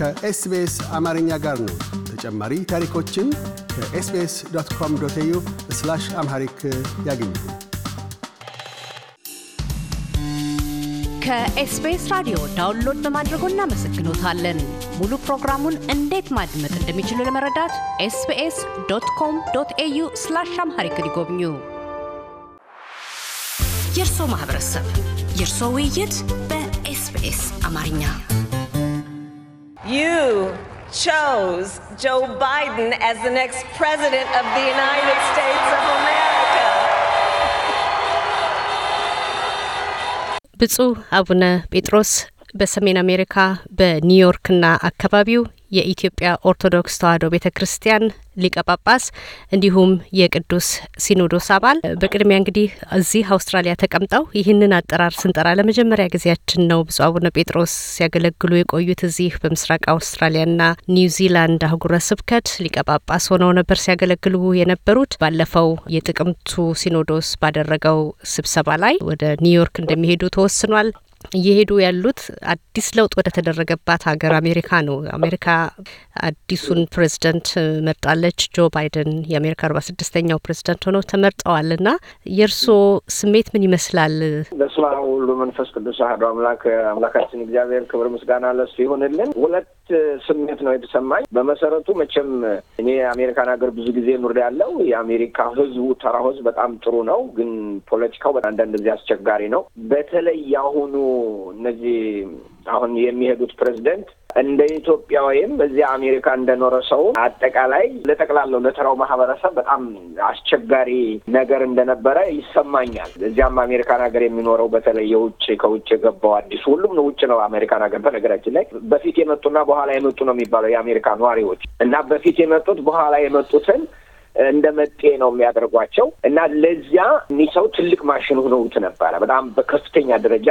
ከኤስቢኤስ አማርኛ ጋር ነው። ተጨማሪ ታሪኮችን ከኤስቢኤስ ዶት ኮም ዶት ዩ ስላሽ አምሃሪክ ያገኙ። ከኤስቢኤስ ራዲዮ ዳውንሎድ በማድረጎ እናመሰግኖታለን። ሙሉ ፕሮግራሙን እንዴት ማድመጥ እንደሚችሉ ለመረዳት ኤስቢኤስ ዶት ኮም ዶት ኤዩ ስላሽ አምሃሪክ ሊጎብኙ የእርሶ ማህበረሰብ የእርሶ ውይይት በኤስቢኤስ አማርኛ You chose Joe Biden as the next president of the United States of America. ብፁዕ አቡነ ጴጥሮስ በሰሜን አሜሪካ በኒውዮርክና አካባቢው የኢትዮጵያ ኦርቶዶክስ ተዋሕዶ ቤተ ክርስቲያን ሊቀ ጳጳስ እንዲሁም የቅዱስ ሲኖዶስ አባል። በቅድሚያ እንግዲህ እዚህ አውስትራሊያ ተቀምጠው ይህንን አጠራር ስንጠራ ለመጀመሪያ ጊዜያችን ነው። ብፁዕ አቡነ ጴጥሮስ ሲያገለግሉ የቆዩት እዚህ በምስራቅ አውስትራሊያና ኒውዚላንድ አህጉረ ስብከት ሊቀ ጳጳስ ሆነው ነበር ሲያገለግሉ የነበሩት። ባለፈው የጥቅምቱ ሲኖዶስ ባደረገው ስብሰባ ላይ ወደ ኒውዮርክ እንደሚሄዱ ተወስኗል። እየሄዱ ያሉት አዲስ ለውጥ ወደ ተደረገባት ሀገር አሜሪካ ነው። አሜሪካ አዲሱን ፕሬዝደንት መርጣለች። ጆ ባይደን የአሜሪካ አርባ ስድስተኛው ፕሬዝደንት ሆነው ተመርጠዋል። እና የእርስዎ ስሜት ምን ይመስላል? ለስማ ሁሉ መንፈስ ቅዱስ አህዶ አምላክ አምላካችን እግዚአብሔር ክብር ምስጋና ለሱ ይሆንልን። ሁለት ስሜት ነው የተሰማኝ። በመሰረቱ መቼም እኔ የአሜሪካን ሀገር ብዙ ጊዜ ኑር ያለው የአሜሪካ ህዝቡ ተራ ህዝብ በጣም ጥሩ ነው፣ ግን ፖለቲካው አንዳንድ ጊዜ አስቸጋሪ ነው። በተለይ አሁኑ እነዚህ አሁን የሚሄዱት ፕሬዚደንት እንደ ኢትዮጵያ ወይም እዚያ አሜሪካ እንደኖረ ሰው አጠቃላይ ለጠቅላላው ለተራው ማህበረሰብ በጣም አስቸጋሪ ነገር እንደነበረ ይሰማኛል። እዚያም አሜሪካን ሀገር የሚኖረው በተለይ የውጭ ከውጭ የገባው አዲሱ ሁሉም ነው ውጭ ነው አሜሪካን ሀገር በነገራችን ላይ በፊት የመጡና በኋላ የመጡ ነው የሚባለው የአሜሪካ ነዋሪዎች እና በፊት የመጡት በኋላ የመጡትን እንደ መጤ ነው የሚያደርጓቸው እና ለዚያ እኒህ ሰው ትልቅ ማሽን ሆነውት ነበረ። በጣም በከፍተኛ ደረጃ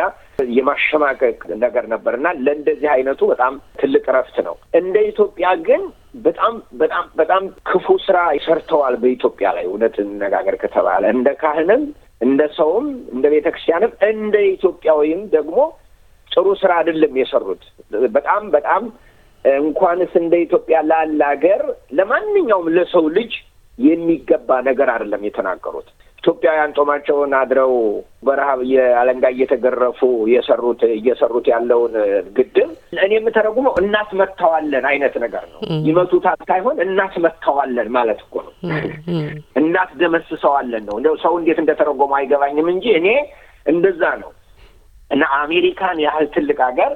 የማሸማቀቅ ነገር ነበር እና ለእንደዚህ አይነቱ በጣም ትልቅ እረፍት ነው። እንደ ኢትዮጵያ ግን በጣም በጣም በጣም ክፉ ስራ ሰርተዋል በኢትዮጵያ ላይ እውነት እንነጋገር ከተባለ እንደ ካህንም እንደ ሰውም እንደ ቤተ ክርስቲያንም እንደ ኢትዮጵያዊም ደግሞ ጥሩ ስራ አይደለም የሰሩት። በጣም በጣም እንኳንስ እንደ ኢትዮጵያ ላለ ሀገር ለማንኛውም ለሰው ልጅ የሚገባ ነገር አይደለም የተናገሩት። ኢትዮጵያውያን ጦማቸውን አድረው በረሃብ የአለንጋ እየተገረፉ የሰሩት እየሰሩት ያለውን ግድብ እኔ የምተረጉመው እናስመታዋለን አይነት ነገር ነው። ይመቱታል ሳይሆን እናስመታዋለን ማለት እኮ ነው። እናስደመስሰዋለን ነው። እንደው ሰው እንዴት እንደተረጎመ አይገባኝም እንጂ እኔ እንደዛ ነው እና አሜሪካን ያህል ትልቅ ሀገር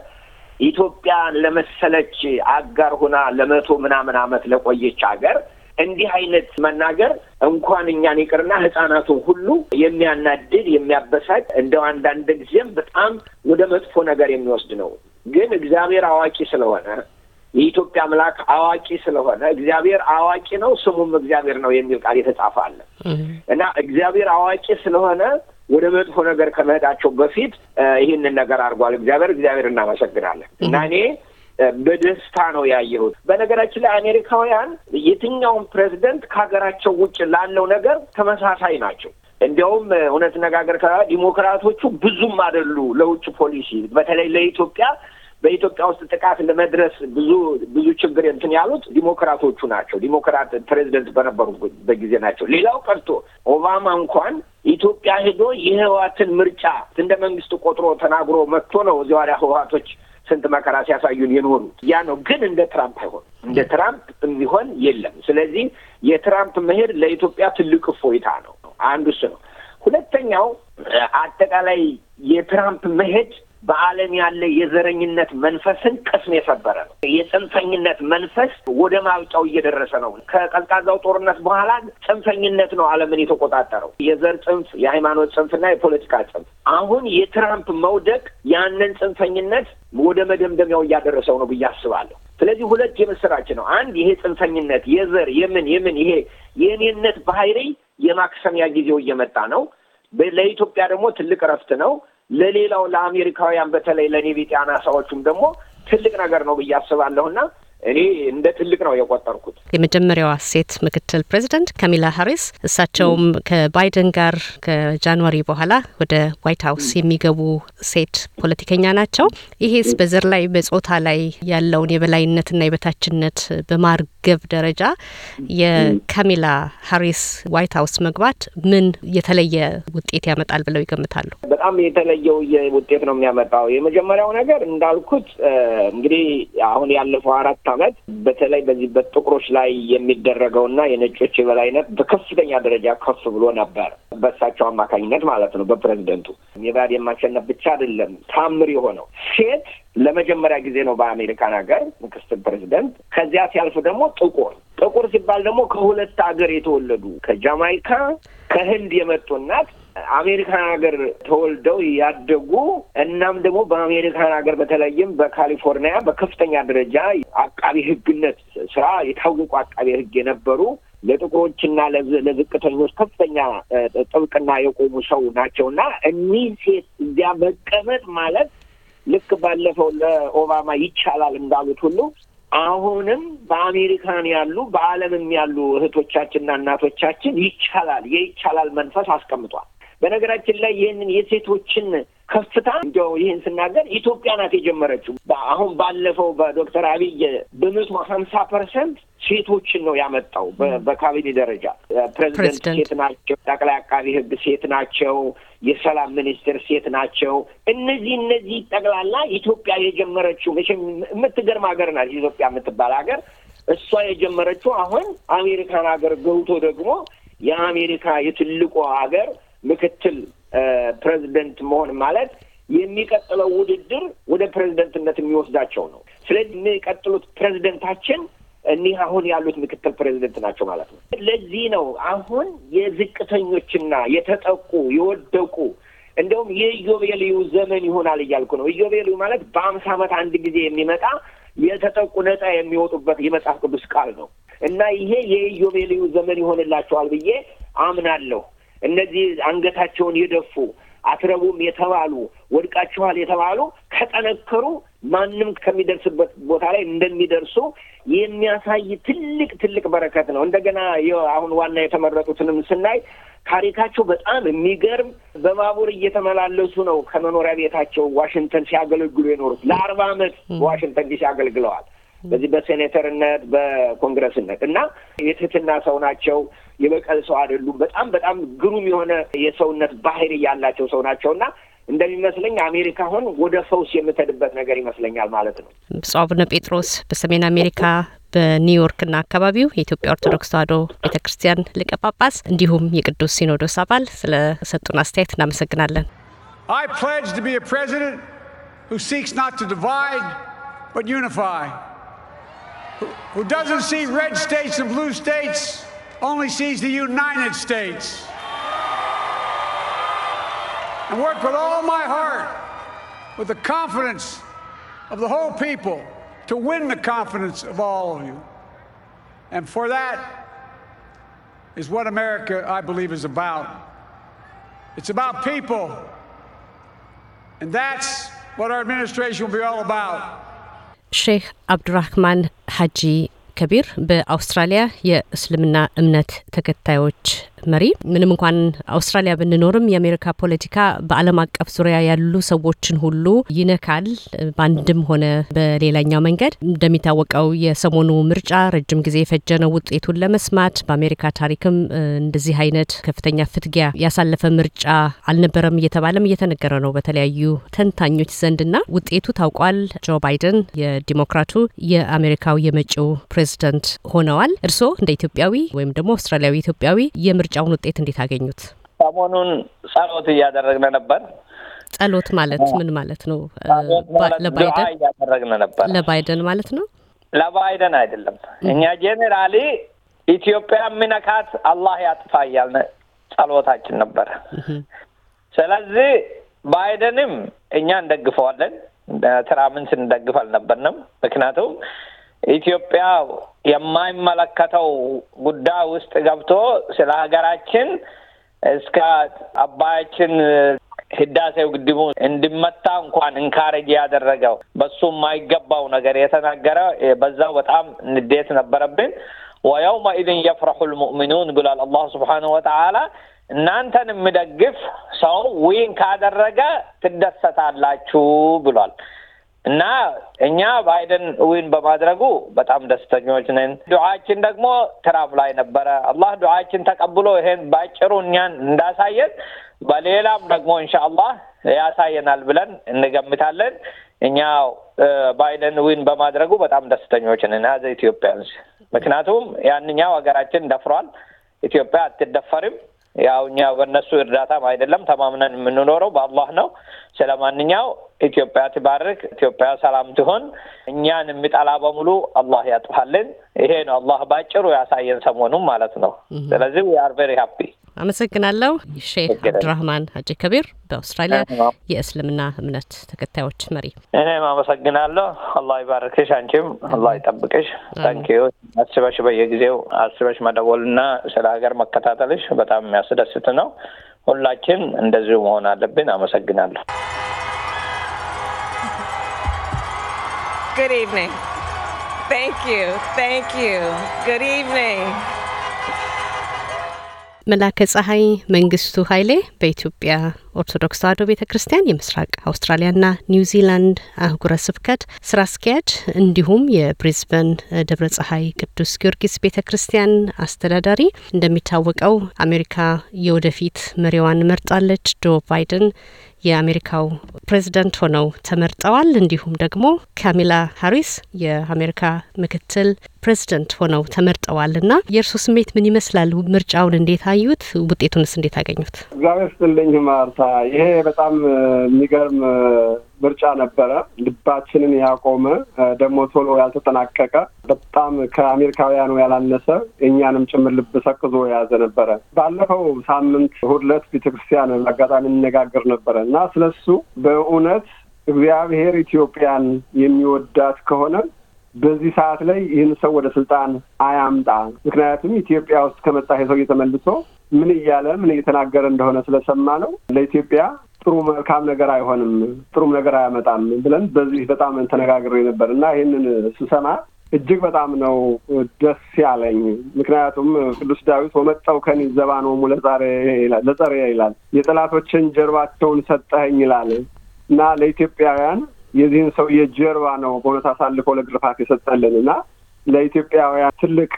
ኢትዮጵያን ለመሰለች አጋር ሆና ለመቶ ምናምን አመት ለቆየች ሀገር እንዲህ አይነት መናገር እንኳን እኛን ይቅርና ህጻናቱን ሁሉ የሚያናድድ የሚያበሳጭ፣ እንደው አንዳንድ ጊዜም በጣም ወደ መጥፎ ነገር የሚወስድ ነው። ግን እግዚአብሔር አዋቂ ስለሆነ የኢትዮጵያ አምላክ አዋቂ ስለሆነ እግዚአብሔር አዋቂ ነው፣ ስሙም እግዚአብሔር ነው የሚል ቃል የተጻፈ አለ እና እግዚአብሔር አዋቂ ስለሆነ ወደ መጥፎ ነገር ከመሄዳቸው በፊት ይህንን ነገር አድርጓል። እግዚአብሔር እግዚአብሔር እናመሰግናለን እና እኔ በደስታ ነው ያየሁት። በነገራችን ላይ አሜሪካውያን የትኛውም ፕሬዚደንት ከሀገራቸው ውጭ ላለው ነገር ተመሳሳይ ናቸው። እንዲያውም እውነት ነጋገር ከዲሞክራቶቹ ብዙም አይደሉ ለውጭ ፖሊሲ በተለይ ለኢትዮጵያ በኢትዮጵያ ውስጥ ጥቃት ለመድረስ ብዙ ብዙ ችግር እንትን ያሉት ዲሞክራቶቹ ናቸው። ዲሞክራት ፕሬዚደንት በነበሩበት ጊዜ ናቸው። ሌላው ቀርቶ ኦባማ እንኳን ኢትዮጵያ ሄዶ የህወሓትን ምርጫ እንደ መንግስት ቆጥሮ ተናግሮ መጥቶ ነው እዚያ ዋሪያ ህወሓቶች ስንት መከራ ሲያሳዩን የኖሩት ያ ነው። ግን እንደ ትራምፕ አይሆን እንደ ትራምፕ የሚሆን የለም። ስለዚህ የትራምፕ መሄድ ለኢትዮጵያ ትልቅ እፎይታ ነው። አንዱ እሱ ነው። ሁለተኛው አጠቃላይ የትራምፕ መሄድ በዓለም ያለ የዘረኝነት መንፈስን ቅስም የሰበረ ነው። የጽንፈኝነት መንፈስ ወደ ማብጫው እየደረሰ ነው። ከቀዝቃዛው ጦርነት በኋላ ጽንፈኝነት ነው ዓለምን የተቆጣጠረው፣ የዘር ጽንፍ፣ የሃይማኖት ጽንፍና የፖለቲካ ጽንፍ። አሁን የትራምፕ መውደቅ ያንን ጽንፈኝነት ወደ መደምደሚያው እያደረሰው ነው ብዬ አስባለሁ። ስለዚህ ሁለት የምስራች ነው። አንድ ይሄ ጽንፈኝነት የዘር የምን የምን ይሄ የእኔነት ባህሪ የማክሰሚያ ጊዜው እየመጣ ነው። ለኢትዮጵያ ደግሞ ትልቅ እረፍት ነው። ለሌላው ለአሜሪካውያን በተለይ ለኔ ቤት ደግሞ ትልቅ ነገር ነው ብዬ አስባለሁ እና እኔ እንደ ትልቅ ነው የቆጠርኩት። የመጀመሪያዋ ሴት ምክትል ፕሬዚደንት ካሚላ ሀሪስ እሳቸውም ከባይደን ጋር ከጃንዋሪ በኋላ ወደ ዋይት ሀውስ የሚገቡ ሴት ፖለቲከኛ ናቸው። ይሄስ በዘር ላይ በጾታ ላይ ያለውን የበላይነትና የበታችነት በማርገብ ደረጃ የካሚላ ሀሪስ ዋይት ሀውስ መግባት ምን የተለየ ውጤት ያመጣል ብለው ይገምታሉ? በጣም የተለየው ውጤት ነው የሚያመጣው። የመጀመሪያው ነገር እንዳልኩት እንግዲህ አሁን ያለፈው አራት ዓመት በተለይ በዚህ በጥቁሮች ላይ የሚደረገውና የነጮች የበላይነት በከፍተኛ ደረጃ ከፍ ብሎ ነበር። በእሳቸው አማካኝነት ማለት ነው። በፕሬዚደንቱ የባድ የማሸነፍ ብቻ አይደለም ታምር የሆነው ሴት ለመጀመሪያ ጊዜ ነው በአሜሪካን ሀገር ምክትል ፕሬዚደንት። ከዚያ ሲያልፍ ደግሞ ጥቁር ጥቁር ሲባል ደግሞ ከሁለት ሀገር የተወለዱ ከጃማይካ ከህንድ የመጡ እናት አሜሪካን ሀገር ተወልደው ያደጉ እናም ደግሞ በአሜሪካን ሀገር በተለይም በካሊፎርኒያ በከፍተኛ ደረጃ አቃቢ ሕግነት ስራ የታወቁ አቃቢ ሕግ የነበሩ ለጥቁሮችና ለዝቅተኞች ከፍተኛ ጥብቅና የቆሙ ሰው ናቸው እና እኒህ ሴት እዚያ መቀመጥ ማለት ልክ ባለፈው ለኦባማ ይቻላል እንዳሉት ሁሉ አሁንም በአሜሪካን ያሉ በዓለምም ያሉ እህቶቻችንና እናቶቻችን ይቻላል የይቻላል መንፈስ አስቀምጧል። በነገራችን ላይ ይህንን የሴቶችን ከፍታ እንዲያው ይህን ስናገር ኢትዮጵያ ናት የጀመረችው። አሁን ባለፈው በዶክተር አብይ በመቶ ሀምሳ ፐርሰንት ሴቶችን ነው ያመጣው በካቢኔ ደረጃ። ፕሬዚደንት ሴት ናቸው፣ ጠቅላይ አቃቢ ሕግ ሴት ናቸው፣ የሰላም ሚኒስትር ሴት ናቸው። እነዚህ እነዚህ ጠቅላላ ኢትዮጵያ የጀመረችው መቼም የምትገርም ሀገር ናት ኢትዮጵያ የምትባል ሀገር እሷ የጀመረችው አሁን አሜሪካን ሀገር ገብቶ ደግሞ የአሜሪካ የትልቁ ሀገር ምክትል ፕሬዚደንት መሆን ማለት የሚቀጥለው ውድድር ወደ ፕሬዚደንትነት የሚወስዳቸው ነው። ስለዚህ የሚቀጥሉት ፕሬዚደንታችን እኒህ አሁን ያሉት ምክትል ፕሬዚደንት ናቸው ማለት ነው። ለዚህ ነው አሁን የዝቅተኞችና የተጠቁ የወደቁ እንደውም የኢዮቤልዩ ዘመን ይሆናል እያልኩ ነው። ኢዮቤልዩ ማለት በአምሳ ዓመት አንድ ጊዜ የሚመጣ የተጠቁ ነጻ የሚወጡበት የመጽሐፍ ቅዱስ ቃል ነው እና ይሄ የኢዮቤልዩ ዘመን ይሆንላቸዋል ብዬ አምናለሁ። እነዚህ አንገታቸውን የደፉ አትረቡም የተባሉ ወድቃችኋል የተባሉ ከጠነከሩ ማንም ከሚደርስበት ቦታ ላይ እንደሚደርሱ የሚያሳይ ትልቅ ትልቅ በረከት ነው። እንደገና አሁን ዋና የተመረጡትንም ስናይ ታሪካቸው በጣም የሚገርም በባቡር እየተመላለሱ ነው ከመኖሪያ ቤታቸው ዋሽንግተን ሲያገለግሉ የኖሩት ለአርባ ዓመት በዋሽንግተን ዲሲ አገልግለዋል። በዚህ በሴኔተርነት በኮንግረስነት እና የትህትና ሰው ናቸው። የበቀል ሰው አይደሉም። በጣም በጣም ግሩም የሆነ የሰውነት ባህሪ ያላቸው ሰው ናቸው እና እንደሚመስለኝ አሜሪካ አሁን ወደ ፈውስ የምትሄድበት ነገር ይመስለኛል ማለት ነው። ብፁዕ አቡነ ጴጥሮስ በሰሜን አሜሪካ በኒውዮርክና አካባቢው የኢትዮጵያ ኦርቶዶክስ ተዋሕዶ ቤተ ክርስቲያን ሊቀ ጳጳስ እንዲሁም የቅዱስ ሲኖዶስ አባል ስለ ሰጡን አስተያየት እናመሰግናለን። I pledge to be a president who seeks not to divide but unify. who doesn't see red states and blue states only sees the United States. And work with all my heart, with the confidence of the whole people, to win the confidence of all of you. And for that is what America, I believe, is about. It's about people. And that's what our administration will be all about. Sheikh Abdurrahman Haji ከቢር በአውስትራሊያ የእስልምና እምነት ተከታዮች መሪ። ምንም እንኳን አውስትራሊያ ብንኖርም የአሜሪካ ፖለቲካ በዓለም አቀፍ ዙሪያ ያሉ ሰዎችን ሁሉ ይነካል፣ በአንድም ሆነ በሌላኛው መንገድ። እንደሚታወቀው የሰሞኑ ምርጫ ረጅም ጊዜ የፈጀ ነው ውጤቱን ለመስማት። በአሜሪካ ታሪክም እንደዚህ አይነት ከፍተኛ ፍትጊያ ያሳለፈ ምርጫ አልነበረም እየተባለም እየተነገረ ነው በተለያዩ ተንታኞች ዘንድና ውጤቱ ታውቋል። ጆ ባይደን የዲሞክራቱ የአሜሪካው የመጪው ፕሬዚደንት ሆነዋል። እርስዎ እንደ ኢትዮጵያዊ ወይም ደግሞ አውስትራሊያዊ ኢትዮጵያዊ የምርጫውን ውጤት እንዴት አገኙት? ሰሞኑን ጸሎት እያደረግን ነበር። ጸሎት ማለት ምን ማለት ነው? ለባይደን እያደረግን ነበር። ለባይደን ማለት ነው። ለባይደን አይደለም። እኛ ጄኔራሊ ኢትዮጵያ የሚነካት አላህ ያጥፋ እያልን ጸሎታችን ነበረ። ስለዚህ ባይደንም እኛ እንደግፈዋለን። ትራምን ስንደግፍ አልነበርንም። ምክንያቱም ኢትዮጵያ የማይመለከተው ጉዳይ ውስጥ ገብቶ ስለ ሀገራችን እስከ አባያችን ህዳሴው ግድቡ እንዲመታ እንኳን እንካረጅ ያደረገው በሱ የማይገባው ነገር የተናገረ በዛው በጣም ንዴት ነበረብን። ወየውመ ኢድን የፍረሑ ልሙእሚኑን ብሏል አላሁ ስብሓነሁ ወተዓላ። እናንተን የሚደግፍ ሰው ዊን ካደረገ ትደሰታላችሁ ብሏል። እና እኛ ባይደን ዊን በማድረጉ በጣም ደስተኞች ነን። ዱዓችን ደግሞ ትራምፕ ላይ ነበረ። አላህ ዱዓችን ተቀብሎ ይሄን ባጭሩ እኛን እንዳሳየን በሌላም ደግሞ እንሻአላህ ያሳየናል ብለን እንገምታለን። እኛ ባይደን ዊን በማድረጉ በጣም ደስተኞች ነን ያዘ ኢትዮጵያ። ምክንያቱም ያንኛው ሀገራችን ደፍሯል። ኢትዮጵያ አትደፈርም። ያው እኛ በእነሱ እርዳታም አይደለም ተማምነን የምንኖረው በአላህ ነው። ስለማንኛው ኢትዮጵያ ትባርክ፣ ኢትዮጵያ ሰላም ትሆን፣ እኛን የሚጠላ በሙሉ አላህ ያጥፋልን። ይሄ ነው አላህ ባጭሩ ያሳየን ሰሞኑን ማለት ነው። ስለዚህ ዊአር ቬሪ ሀፒ። አመሰግናለሁ። ሼህ አብዱራህማን ሀጂ ከቢር በአውስትራሊያ የእስልምና እምነት ተከታዮች መሪ። እኔም አመሰግናለሁ። አላህ ይባርክሽ፣ አንቺም አላህ ይጠብቅሽ። ታንኪዩ አስበሽ በየጊዜው አስበሽ መደወልና ስለ ሀገር መከታተልሽ በጣም የሚያስደስት ነው። ሁላችን እንደዚሁ መሆን አለብን። አመሰግናለሁ። Good evening. Thank you. Thank you. Good evening. መላከ ፀሐይ መንግስቱ ኃይሌ በኢትዮጵያ ኦርቶዶክስ ተዋሕዶ ቤተ ክርስቲያን የምስራቅ አውስትራሊያና ኒውዚላንድ አህጉረ ስብከት ስራ አስኪያጅ እንዲሁም የብሪዝበን ደብረ ፀሐይ ቅዱስ ጊዮርጊስ ቤተ ክርስቲያን አስተዳዳሪ። እንደሚታወቀው አሜሪካ የወደፊት መሪዋን መርጣለች። ጆ ባይደን የአሜሪካው ፕሬዝደንት ሆነው ተመርጠዋል። እንዲሁም ደግሞ ካሚላ ሀሪስ የአሜሪካ ምክትል ፕሬዝደንት ሆነው ተመርጠዋል እና የእርሱ ስሜት ምን ይመስላል? ምርጫውን እንዴት አዩት? ውጤቱንስ እንዴት አገኙት? እግዚአብሔር ይስጥልኝ ማርታ፣ ይሄ በጣም የሚገርም ምርጫ ነበረ። ልባችንን ያቆመ ደግሞ ቶሎ ያልተጠናቀቀ በጣም ከአሜሪካውያኑ ያላነሰ እኛንም ጭምር ልብ ሰቅዞ የያዘ ነበረ። ባለፈው ሳምንት እሑድ ዕለት ቤተክርስቲያን አጋጣሚ እንነጋገር ነበረ እና ስለሱ በእውነት እግዚአብሔር ኢትዮጵያን የሚወዳት ከሆነ በዚህ ሰዓት ላይ ይህን ሰው ወደ ስልጣን አያምጣ። ምክንያቱም ኢትዮጵያ ውስጥ ከመጣ ሰው እየተመልሶ ምን እያለ ምን እየተናገረ እንደሆነ ስለሰማ ነው። ለኢትዮጵያ ጥሩ መልካም ነገር አይሆንም፣ ጥሩም ነገር አያመጣም ብለን በዚህ በጣም ተነጋግሬ ነበር እና ይህንን ስሰማ እጅግ በጣም ነው ደስ ያለኝ። ምክንያቱም ቅዱስ ዳዊት ወመጣው ከኒ ዘባኖሙ ለጸሬ ይላል የጠላቶችን ጀርባቸውን ሰጠኸኝ ይላል እና ለኢትዮጵያውያን የዚህን ሰውዬ ጀርባ ነው በእውነት አሳልፎ ለግርፋት የሰጠልን እና ለኢትዮጵያውያን ትልቅ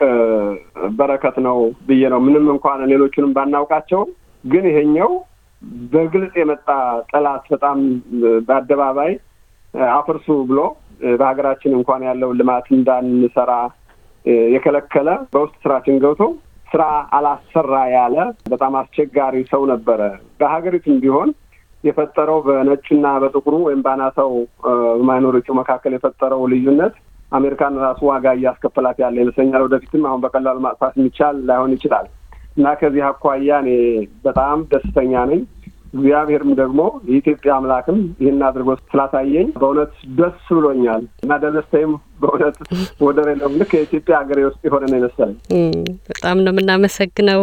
በረከት ነው ብዬ ነው። ምንም እንኳን ሌሎቹንም ባናውቃቸው ግን ይሄኛው በግልጽ የመጣ ጠላት በጣም በአደባባይ አፍርሱ ብሎ በሀገራችን እንኳን ያለው ልማት እንዳንሰራ የከለከለ በውስጥ ስራችን ገብቶ ስራ አላሰራ ያለ በጣም አስቸጋሪ ሰው ነበረ። በሀገሪቱም ቢሆን የፈጠረው በነጭና በጥቁሩ ወይም በአናሳው ማይኖሪቲው መካከል የፈጠረው ልዩነት አሜሪካን ራሱ ዋጋ እያስከፈላት ያለ ይመስለኛል። ወደፊትም አሁን በቀላሉ ማጥፋት የሚቻል ላይሆን ይችላል እና ከዚህ አኳያ እኔ በጣም ደስተኛ ነኝ። እግዚአብሔርም ደግሞ የኢትዮጵያ አምላክም ይህን አድርጎ ስላሳየኝ በእውነት ደስ ብሎኛል እና ደስታዬም በእውነት ወደር የለውም። ልክ የኢትዮጵያ ሀገሬ ውስጥ የሆነ ነው ይመስላል። በጣም ነው የምናመሰግነው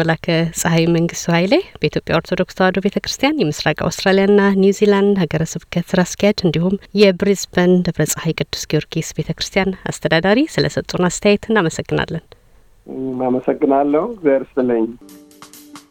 መላከ ፀሐይ መንግስቱ ኃይሌ በኢትዮጵያ ኦርቶዶክስ ተዋህዶ ቤተ ክርስቲያን የምስራቅ አውስትራሊያና ኒውዚላንድ ሀገረ ስብከት ስራ አስኪያጅ እንዲሁም የብሪዝበን ደብረ ፀሐይ ቅዱስ ጊዮርጊስ ቤተ ክርስቲያን አስተዳዳሪ ስለሰጡን አስተያየት እናመሰግናለን። አመሰግናለሁ። እግዚአብሔር ይስጥልኝ።